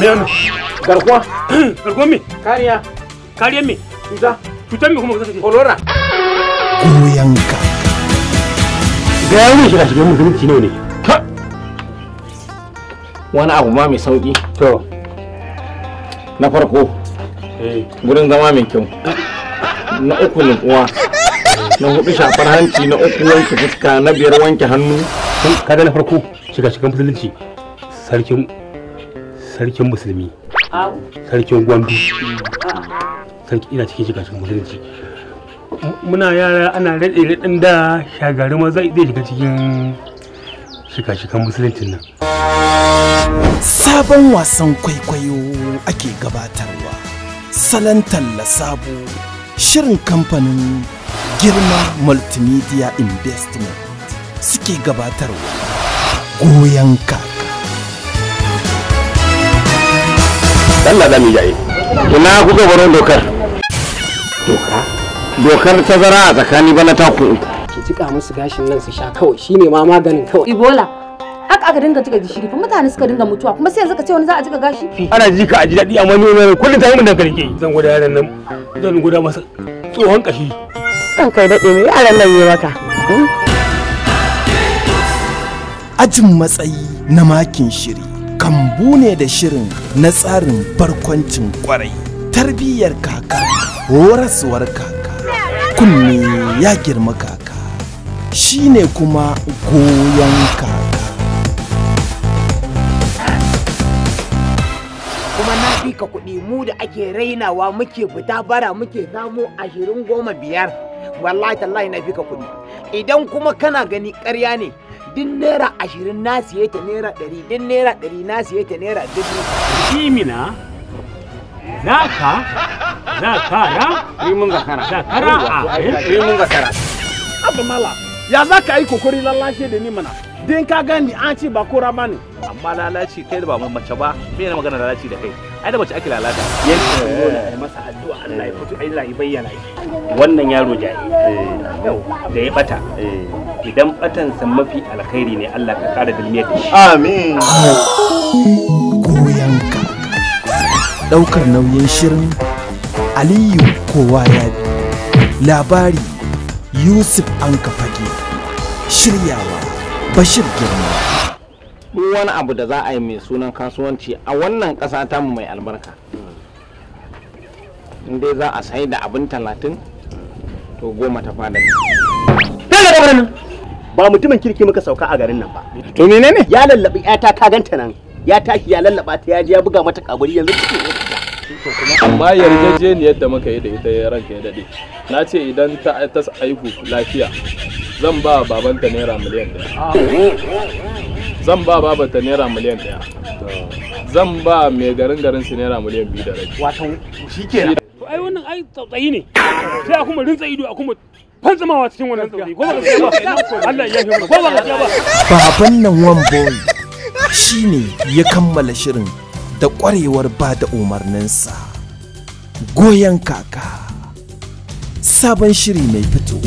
me wannan garkuwa garkuwa me kariya kariya me cuta cutar me kuma ka sace kolora koyanka ga yawon shiga shiga musulunci ne ne wani abu ma mai sauki to na farko gurin eh. zama mai kyau na uku kuwa na hudu shafar hanci na uku wanke fuska na biyar wanke hannu kada na farko shiga shigan musulunci sarkin sarkin musulmi sarkin gwambi mm. ah. sarki ina cikin shiga cikin musulunci muna yara ana rade raɗin da shagari ma zai shiga cikin shiga shikan musuluncin nan sabon wasan kwaikwayo ake gabatarwa salon talla sabo shirin kamfanin girma multimedia investment suke gabatarwa goyon ka Allah za mu yi ina kuka baro dokar doka dokar tazara a tsakani bana taku ku ki jika musu gashin nan su sha kawai shine ma maganin kawai ibola haka aka dinga jika gishiri fa mutane suka dinga mutuwa kuma sai yanzu ka ce wani za a jika gashi ana jika a ji daɗi amma ni ne kullum ta yi mun dankali ke zan gwada yaran nan zan gwada masa tsohon kashi kan kai daɗe ne yaran nan yi maka ajin matsayi na makin shiri kambu ne da shirin na tsarin barkwancin kwarai tarbiyyar kaka warasuwar kaka kunne ya girma kaka shine kuma goyon kaka kuma na fi ka kuɗi mu da ake rainawa muke fita bara muke samu ashirin goma biyar wallahi tallahi na fi ka kuɗi idan kuma kana gani ƙarya ne din naira ashirin na siye ta naira ɗari din naira ɗari na siye ta naira dubu. Shimina zaka zakara rimin zakara zakara a yi mun zakara. Abba eh? mala ya ka yi kokori lallashe da ni mana. din ka gani an ce ba kora bane amma lalaci kai da ba mace ba me ne magana lalaci da kai ai da mace ake lalata yanki dole ai masa addu'a Allah ya fito Allah ya bayyana wannan yaro jahi eh. da ya bata eh. idan batan san mafi alkhairi ne Allah ka kara dalmiyar da shi amin koyanka daukar nauyin shirin Aliyu kowa ya bi labari Yusuf an fage shiryawa bashir girma duk wani abu da za a yi mai sunan kasuwanci a wannan ƙasa ta mu mai albarka in dai za a sai da abin talatin to goma ta fada ba mutumin kirki muka sauka a garin nan ba to ne? ya lallaɓi yata ka ganta nan ya tashi ya lallaɓa ta ya ji ya buga mata kaburi yanzu amma yarjejeniyar da muka yi da ita ranka ya daɗe, na ce idan ta aiku lafiya zan ba babanta naira miliyan daya zan ba babanta naira miliyan daya zan ba mai garin garin su naira miliyan biyu da rai wato shi ke to ai wannan ai tsautsayi ne sai a kuma rintsa ido a kuma fantsamawa cikin wannan tsautsayi ko ba ka ba Allah ya yi ko ba ka ba baban nan one boy shine ya kammala shirin da kwarewar ba da umarninsa goyon kaka sabon shiri mai fito